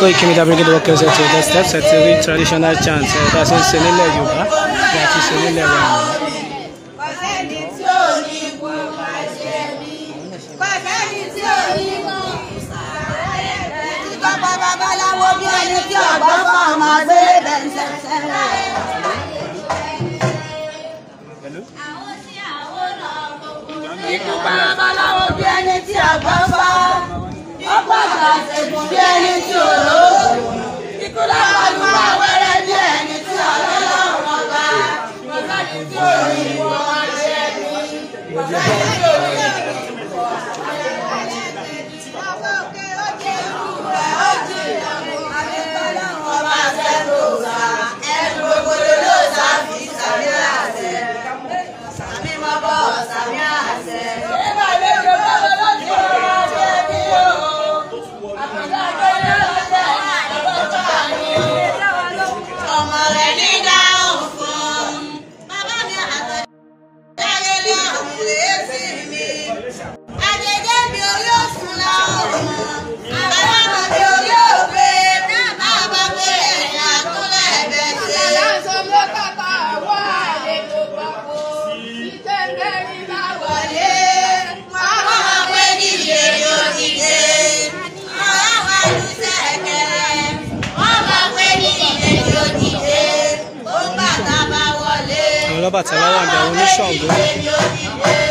kó ìkíni dábìrì kí ló kí tó the steps ẹ̀ ti rí traditional chant ẹ̀ ṣe ń eh, ṣe nílẹ̀ Yorùbá bí a ti ṣe nílẹ̀ rẹ̀ nìyẹn. babaláwo tí ọgbọ́n fún ọmọ gbélé bẹ̀ǹsẹ̀ sẹ́lẹ̀. Ikú bí ẹni tí ọgbọ́n fún Àlàbàtà lọ́wọ́ àgbà oníṣọ̀gbọ́n.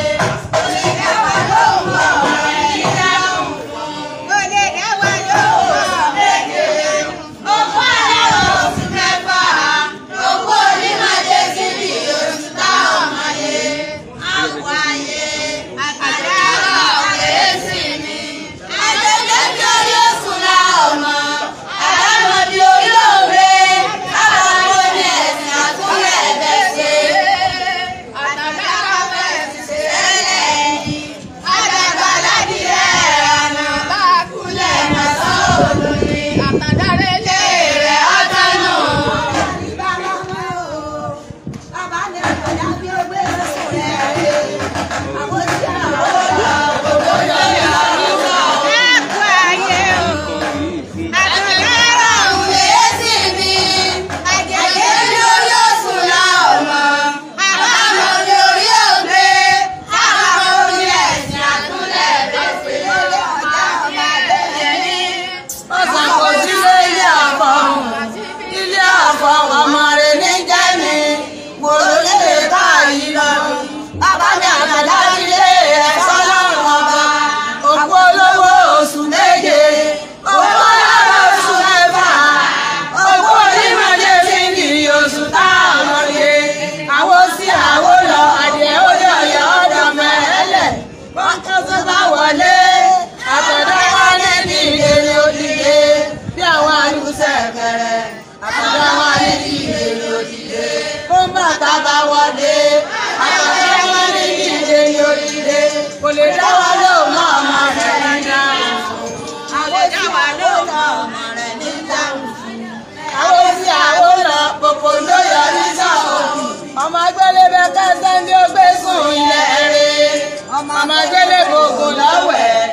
àmàjẹ́lẹ̀ gbogbo láwẹ̀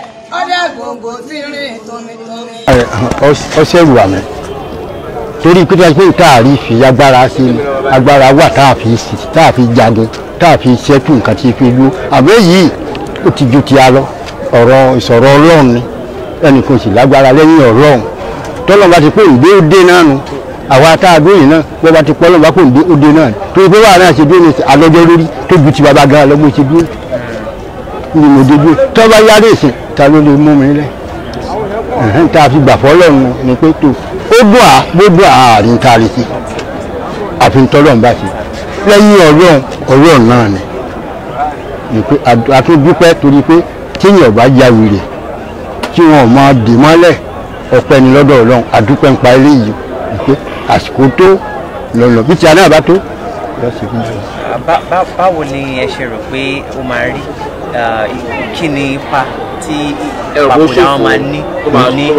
ọ̀dà gbogbo tí rìn tómitómi. ọṣẹ ìwà mi torí pé pé káàrí fi agbára sí agbára wà tá a fi sí tá a fi jagun tá a fi ṣẹ́kù nǹkan tí fi lu àbẹ́ yìí ó ti ju ti a lọ ọ̀rọ̀ ìsọ̀rọ̀ ọlọ́run ni ẹnìkan sì lágbára lẹ́yìn ọlọ́run tọ́lọ́ba ti pé ìgbé ó dé náà nu àwa tá a gbóyìn náà bọ́ba ti pọ́ lọ́ba kò ní dé ó dé náà torí pé wàhálà ṣe dúró ní alọ́jọ́ lórí tó ju ti bàbá gan alọ́gbọ́n ṣe dúró ni mo dojú tó bá yára ìsìn ta ló lè mú mi lẹ tá a fi gbà fọlọ́run ni pé tó ó dùn à bó dùn àárín tá a rí sí àfi ń tọ́lọ́run bá sí lẹ́yìn ọlọ́run ọlọ́run náà ni ni pé àtúndúpẹ́ torí pé téèyàn bá ya wèrè tí wọn máa dì mọ́lẹ̀ ọpẹ́ ni lọ́dọ̀ ọlọ́run àdúpẹ́ ń pa eléyìí pé àsìkò tó lọ́nà bí ti àná àbá tó. báwo ni ẹ ṣe rò pé ó máa rí Uh, kí ni ipa tí papòdà wọn máa ní ní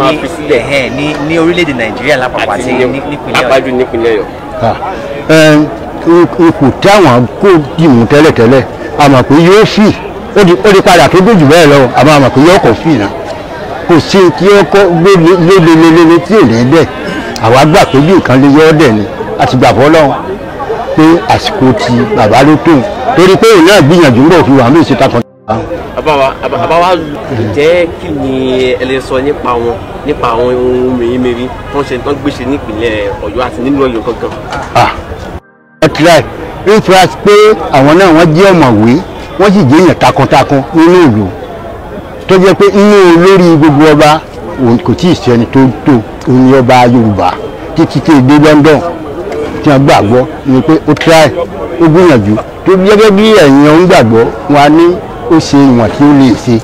ní ní orílẹ̀-èdè nàìjíríà lápapọ̀ àti nípínlẹ̀ ọ̀yọ́. nípínlẹ̀ ọ̀yọ́. ipò táwọn kò dìmú tẹ́lẹ̀tẹ́lẹ̀ àmọ́ pé yóò fì ó di padà tó gbèjù bẹ́ẹ̀ lọ àmọ́ àmọ́ pé yóò kọ̀ fì náà kò sí kí ó kọ́ lélelelele tí èlé dẹ̀ àwa gbà pé bí nǹkan lè yọ ọ́ dẹ̀ ni àti gbà fọ́ lọ́hùn pé àsìkò ti bàbá ló tó torí pé òun náà gbìyànjú ń bọ̀ fi wà ní ìṣètàkùn. Ah. àbáwá jẹ́ kí ni ẹ lè sọ nípa wọn nípa àwọn ohun mèremère tó ń ṣe tó ń gbéṣe nípìnlẹ̀ ọ̀yọ́ àti nínú ọ̀yọ́ gangan. Ah. ẹ tira ẹ fura pé àwọn náà wọ́n jẹ́ ọ̀mọ̀wé wọ́n sì jẹ́ èèyàn takuntakun nínú ìlú tó jẹ́ pé inú olórí gbogbo ọba kò tí ì sẹ́ni tó tó ní ọba yorùbá títí tí èdè London tí wọ́n gbàgbọ́ ni pé ó tira ó gbìyànjú tó gẹ́gẹ́ bí ẹ̀yin ò ń gbàgbọ́ wọn á ní ó ṣe ìwọ̀n tí ó lè ṣe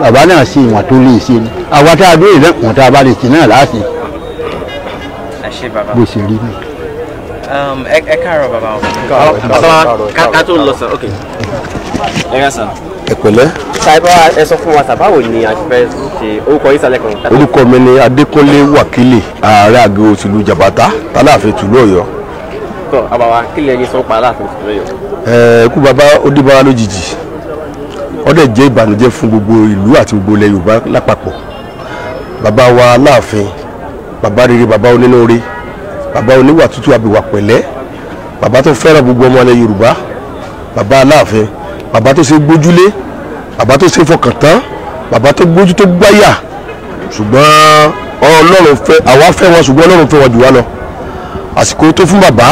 bàbá náà ṣe ìwọ̀n tó lè ṣe ni àwa tá a béèrè lẹ́kùn tá a bá lè ṣe náà láàṣì bó ṣe rí ni. Um, ẹ káàárọ̀ bàbá o bàbá ká tó lọ sàn ok ẹ ká sàn. ẹ pẹ̀lẹ́. ṣàìbá ẹ sọ fún wa sàbáwò ni a fẹ́ ṣe orúkọ yìí sálẹ̀ kan. orúkọ mi ni Adékúnlé Wákìlì ààrẹ àgẹwò tìlú Jàbátá tálàfin tìlú Ọ̀yọ́ tọ àbàwà kílẹ̀ ẹni sọ pa aláàfin lọ́yọ̀. ẹ kú bàbá ó dé bá wa lójijì ó dẹ̀ jẹ́ ìbànújẹ́ fún gbogbo ìlú àti gbogbo ilẹ̀ Yorùbá lápapọ̀ bàbá wa Aláàfin bàbá rere bàbá onínúure bàbá oníwà tútù àbíwà pẹ̀lẹ́ bàbá tó fẹ́ràn gbogbo ọmọ ilẹ̀ Yorùbá bàbá Aláàfin bàbá tó ṣe gbójúlé bàbá tó ṣe fọkàn tán bàbá tó gbójú tó gbáyà ṣùgbọ́n Ọlọ́run fẹ́ àwa fẹ́ wọn ṣùgbọ́n Ọlọ́run fẹ́ wọn jù wá lọ àsìkò tó fún bàbá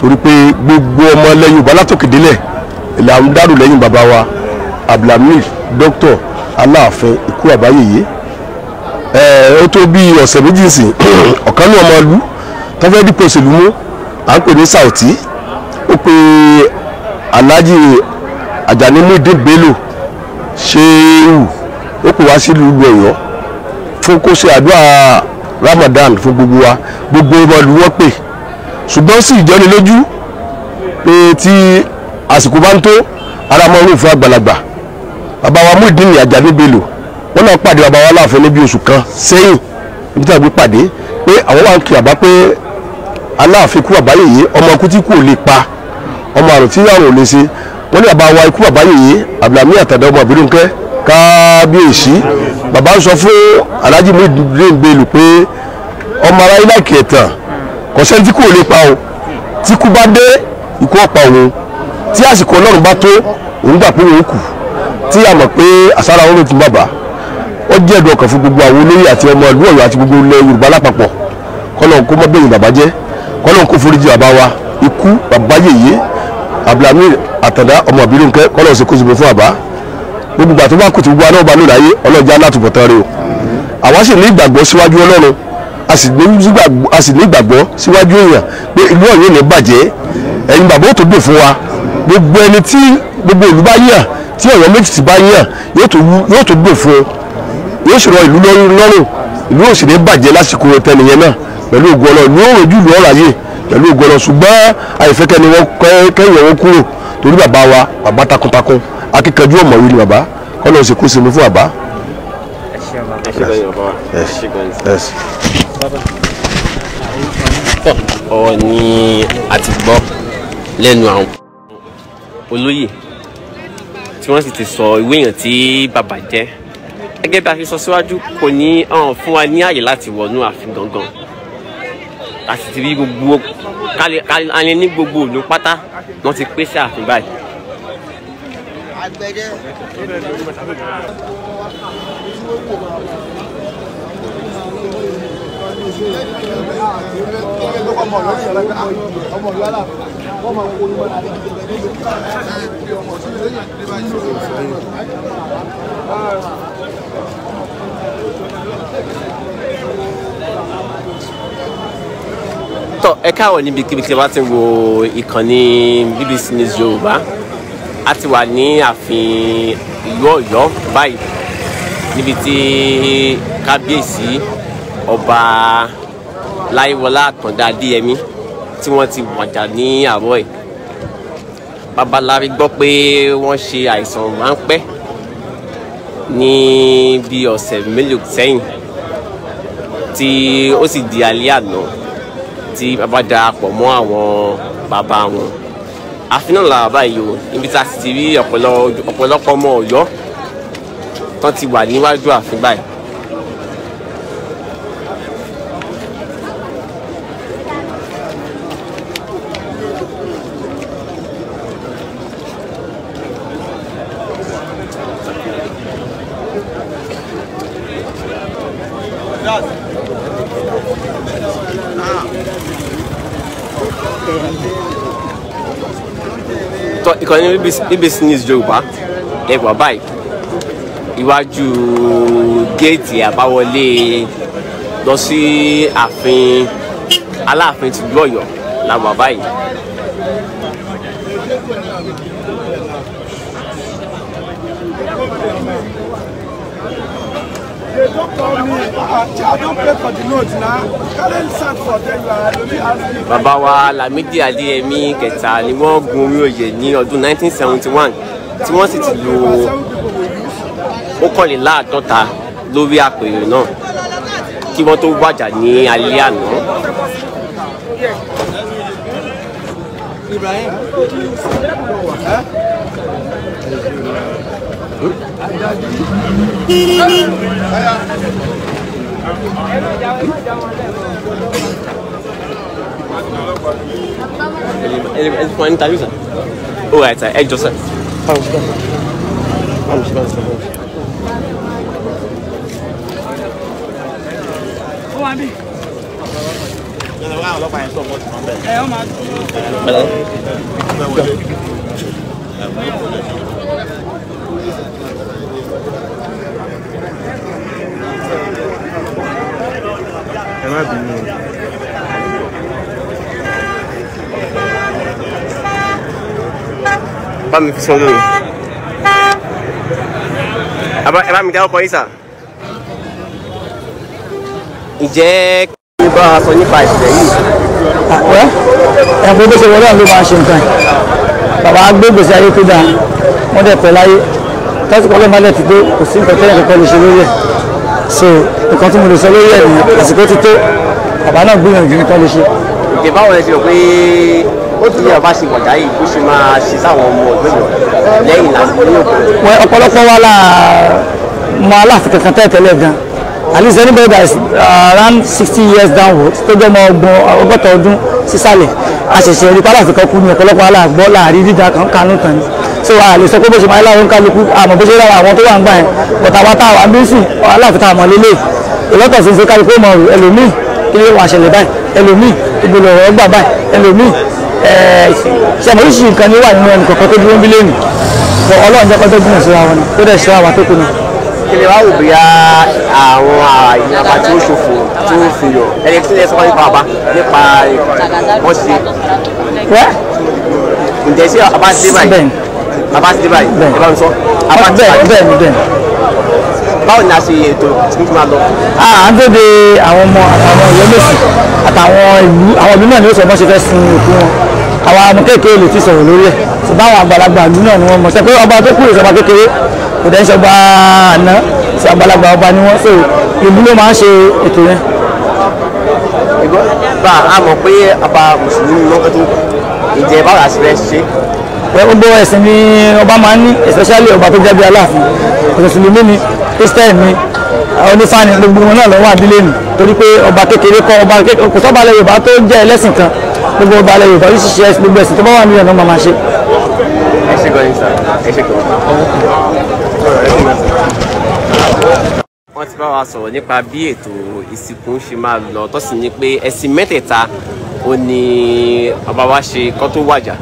torí pé gbogbo ọmọ ilẹ̀ Yorùbá látòkèdélẹ̀ là ń dárò lẹ́yìn bàbá wa abdulhamid doctor, aláàfin ikú àbáyèyé ó tó bí ọ̀sẹ̀ méjì sìn ọ̀kan ní ọmọ ìlú tó fẹ́ dípò òṣèlú mú à ń pè ní Saoti ó pe alhaji Ajani Bello Shehu ó pè wá sílùú ìlú Ọ̀yọ́ fún kó ṣe àdúrà Ramadan fún gbogbo wa gbogbo ọmọ ìlú wọ́n pè ṣùgbọ́n sì jẹ́ni lójú pé tí àsìkò bá ń tó ara mọ́ orúfọ́ àgbàlagbà bàbá wa Muyideen Àjàní Bello wọn náà pàdé bàbá wa láàfin níbi oṣù kan sẹ́yìn ibi tí a gbé pàdé pé àwọn wà ń kí bàbá pé aláàfin kú bàbá yèyé ọmọ ikú tí kú ò lè pa ọmọ àrùn tí àrùn ò lè ṣe wọn ní bàbá wa ikú bàbá yèyé Abdulhamid Àtàndá ọmọ Àbídúnkẹ́ kábíyèsí bàbá ń sọ fún Alhaji Muyideen Bello pé ọmọ aráyé náà kì í tàn kọ̀sẹ́ni tí kú ò lè pa o tí kú bá dé ikú ọ̀pá òun tí àsìkò ọlọ́run bá tó òun gbà pé òun kù tí a mọ̀ pé àsárá wọn ló tún bàbá ó jẹ́ ẹ̀dùn ọkàn fún gbogbo àwọn olóyè àti ọmọ ìlú Ọ̀yọ́ àti gbogbo ilẹ̀ Yorùbá lápapọ̀ kọ́lọ́n kó mọ́bẹ̀yìn bàbá jẹ́ kọ́lọ́n kó foríjì bàbá wa ikú bàbá yèyé Abdulhamid Àtàndá ọmọ Ìbílúnkẹ́ kọ́lọ́n ṣe kóso fún bàbá gbogbo ìgbà tó bá kù tí gbogbo anáwó bá lò láyé ọlọ́jà látùbọ̀tán rẹ o àwa sì ní ìgbàgbọ́ síwájú Ọlọ́run a sì ní ìgbàgbọ́ síwájú èèyàn pé ìlú Ọ̀yọ́ ò bàjẹ́ ẹ̀yin bàbá ó tó dùn fún wa gbogbo ẹni tí gbogbo ìlú tí ọ̀yọ́ méjì ti bá yàn yóò tó gbè fún un yóò sì rọ ìlú lọ́rùn lọ́rùn ìlú òsì ní bàjẹ́ lásìkò tẹnìyẹn náà pẹ̀lú ògo Ọlọ́run ní òòrùn jùlọ ọ̀rọ̀ ayé pẹ̀lú ògo Ọlọ́run ṣùgbọ́n àìfẹ́kẹ́ ni wọ́n kẹ́yìn wọn kúrò torí bàbá wa bàbá takuntakun akíkanjú ọ̀mọ̀wé ni bàbá kọ́nà òsì kó sinmi fún bàbá. ọ̀ọ́ ni a lẹ́nu àwọn olóyè wọ́n sì ti sọ ìwé èèyàn tí bàbá jẹ́ gẹ́gẹ́ bí a ṣe sọ síwájú kò ní ọ̀hún fún wa ní àyè láti wọnú ààfin gangan a sì ti rí gbogbo alẹ́ ní gbogbo òlú pátá wọ́n ti pèsè ààfin báyìí. Thank wọ́n máa wo ìmọ̀ àti ìjọba ní ìlú kí ọmọ sí ilé yìí lè máa yí òun sí ìlú. tọ ẹ káàárọ̀ níbikíbi tí ẹ bá ti wo ìkànnì BBC News Yorùbá a ti wà ní ààfin ìlú Ọ̀yọ́ báyìí níbi tí kábíyèsí ọba Láyéwọlá Àkàndá Adéyẹmí tí wọ́n ti wàjà ní àárọ̀ yìí babaláwi gbọ́ pé wọ́n ṣe àìsàn ráńpẹ́ ní bíi ọ̀sẹ̀ mélòó sẹ́yìn tí ó sì di alẹ́ àná tí bàbá darapọ̀ mọ́ àwọn bàbá wọn àfin náà làwọn báyìí o níbi tá a sì ti rí ọ̀pọ̀lọpọ̀ ọmọ ọ̀yọ́ tán ti wà níwájú àfin báyìí ìkànnì BBC News Yorùbá ẹ wà báyìí iwájú géètì àbáwọlé lọ sí ààfin aláàfin tìlú Ọ̀yọ́ la wà báyìí. they call me i don pay for the note na carry sand for them na lórí asking. bàbá wa Lámídì Adéyẹmí kẹta ni wọ́n gun orí oyè ní ọdún 1971 tí wọ́n sì ti lò ọ̀kànléláàádọ́ta lórí àpèrè náà kí wọ́n to wàjà ni alẹ́ àná. Ibrahim. ẹ má bínú o. bá mi fi sọ́dọ̀ ẹ bá mi dá ọkọ yìí sà. ǹjẹ́ kí n bá a sọ nípa ìṣẹ̀lẹ̀ yìí. àpẹ́ ẹ̀fọ́ tó ṣe wọlé ọ̀hún ló máa ṣe nǹkan bàbá gbégbèsè ayé tó dáa wọ́n dẹ̀ pẹ̀ láyé tásìkò ọlọ́mọdé ti dé kò sí nǹkan tẹ́lẹ̀ kankan lè ṣe lórí ẹ̀ so nǹkan tí mo lè sọ lórí ẹ̀ ní àsìkò ti tó bàbá náà gbìyànjú nǹkan lè ṣe. òkè báwọn ẹ ti rò pé ó ti yẹ bá ṣe wọ̀já yìí kó ṣe máa ṣe sáwọn ọmọ ọ̀gbìn lẹ́yìn lásìkò ní òkè. wọ́n ọ̀pọ̀lọpọ̀ wa la mọ aláàfin kankan tẹ́tẹ́lẹ̀ gan at least anybody that is uh, around sixty years downwards tó jẹ́ ọmọ ọgbọ̀n ọgọ́ta ọdún sísàlẹ̀ àṣẹ̀ṣẹ̀ rí pálàfin kan kú ní ọ̀pọ̀lọpọ̀ aláàgbọ́ láàrin dídá kan kanú kan ni so a lè sọ pé bó ṣe máa ń láwọn kálukú àmọ́ bó ṣe láwọn àwọn tó wà ń gbà yẹn bọ̀tà wa tá a wà ń bí sìn aláàfin tá a mọ̀ lélẹ̀ ìlọ́tọ̀ sí ṣe kálukú mọ̀ rù ẹlòmíì kí ló wà ṣẹlẹ̀ báyìí ẹlòmíì ìgbòlò ọ̀rọ̀ gbà báyìí ẹlòmíì eh, ṣàmọ̀ oríṣi nǹkan ni wà nínú ẹnì kọ̀ọ̀kan tó dúró ń bí lẹ́nu ọlọ́run jẹ́ kọ́tọ́ gùn síra wọn ni tó dẹ̀ síra wa tó kù náà kíni wàá wò bóyá àwọn ìyànbá tí ó ṣòfò tí ó fi yọ ẹni tí abáṣe báyìí ẹ bá mi sọ abáṣe báyìí bẹ́ẹ̀ ni bẹ́ẹ̀ báwo ni a ṣe ètò tí máa lọ. a ah, à ń dóde àwọn ọmọ àwọn ìyọlẹ́sì àtàwọn ìlú àwọn ìlú náà ni ó sọ bọ́n ṣe fẹ́ sin òkú wọn àwọn ọmọ kékeré lè ti sọ̀rọ̀ lórí ẹ̀ ṣùgbọ́n àwọn àgbàlagbà ìlú náà ni wọ́n mọ̀ ṣe pé ọba tó kú ìṣọba kékeré kò dẹ́n ṣọba àná ṣe àgbàlagbà ọba ni wọ́n ṣe ìlú ló máa ń ṣe ètò yẹn. ìgbọ́n bá a mọ̀ pé ọba mùsùlùmí lọ́kẹ́ tó ìjẹ́ báwo la ṣe fẹ́ ṣe gbogbo ẹ̀sìn ni ọba máa ń ní especially ọba tó jẹ́ aláàfin mùsùlùmí ni christian ni onífàní gbogbo wọn náà ló wà nílé torí pé ọba kékeré kọ́ ọba kò sọ́ba alẹ́ yorùbá tó jẹ́ ẹlẹ́sìn kan gbogbo ọba alẹ́ yorùbá yóò ṣiṣẹ́ gbogbo ẹ̀sìn tó bá wà nílẹ̀ náà máa máa ṣe. wọ́n ti bá wa sọ̀rọ̀ nípa bí ètò ìsìnkú ṣe máa lọ tó sì ní pé ẹ̀sìn mẹ́tẹ̀ẹ̀ta ò ní ọba wa ṣe kó tó wàjà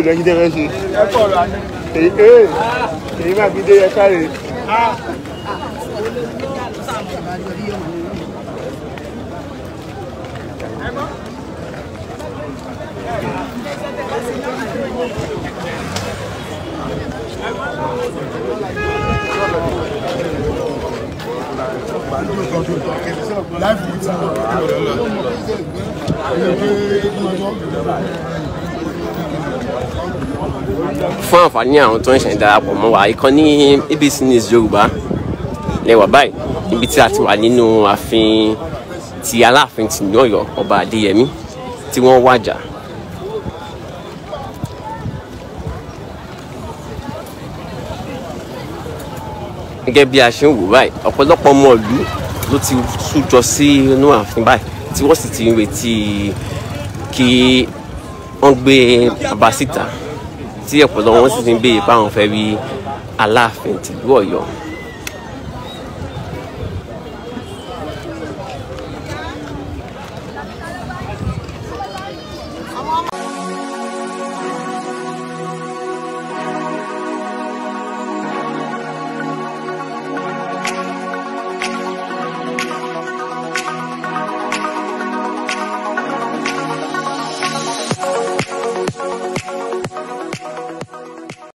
ò lẹ́yìn dẹ́rẹ́ ṣe. èyí ee èyí máa fi dé yẹ káre. Life with fún àǹfààní àwọn tó ń ṣẹ̀ darapọ̀ mọ́ wa ìkànnì ABC News Yorùbá lẹ́wà báyìí níbi tí a ti wà nínú ààfin ti Aláàfin tìlú Ọ̀yọ́ ọba Adéyẹmí tí wọ́n wàjà. gẹ́gẹ́ bí a ṣe ń wò báyìí ọ̀pọ̀lọpọ̀ ọmọ ìlú ló ti sújọ sí inú ààfin báyìí tí wọ́n sì ti ń retí kí wọ́n gbé bàbá síta tí ọ̀pọ̀lọpọ̀ wọn sì ti ń béèrè báwọn fẹ́ rí aláàfin tìlú Ọ̀yọ́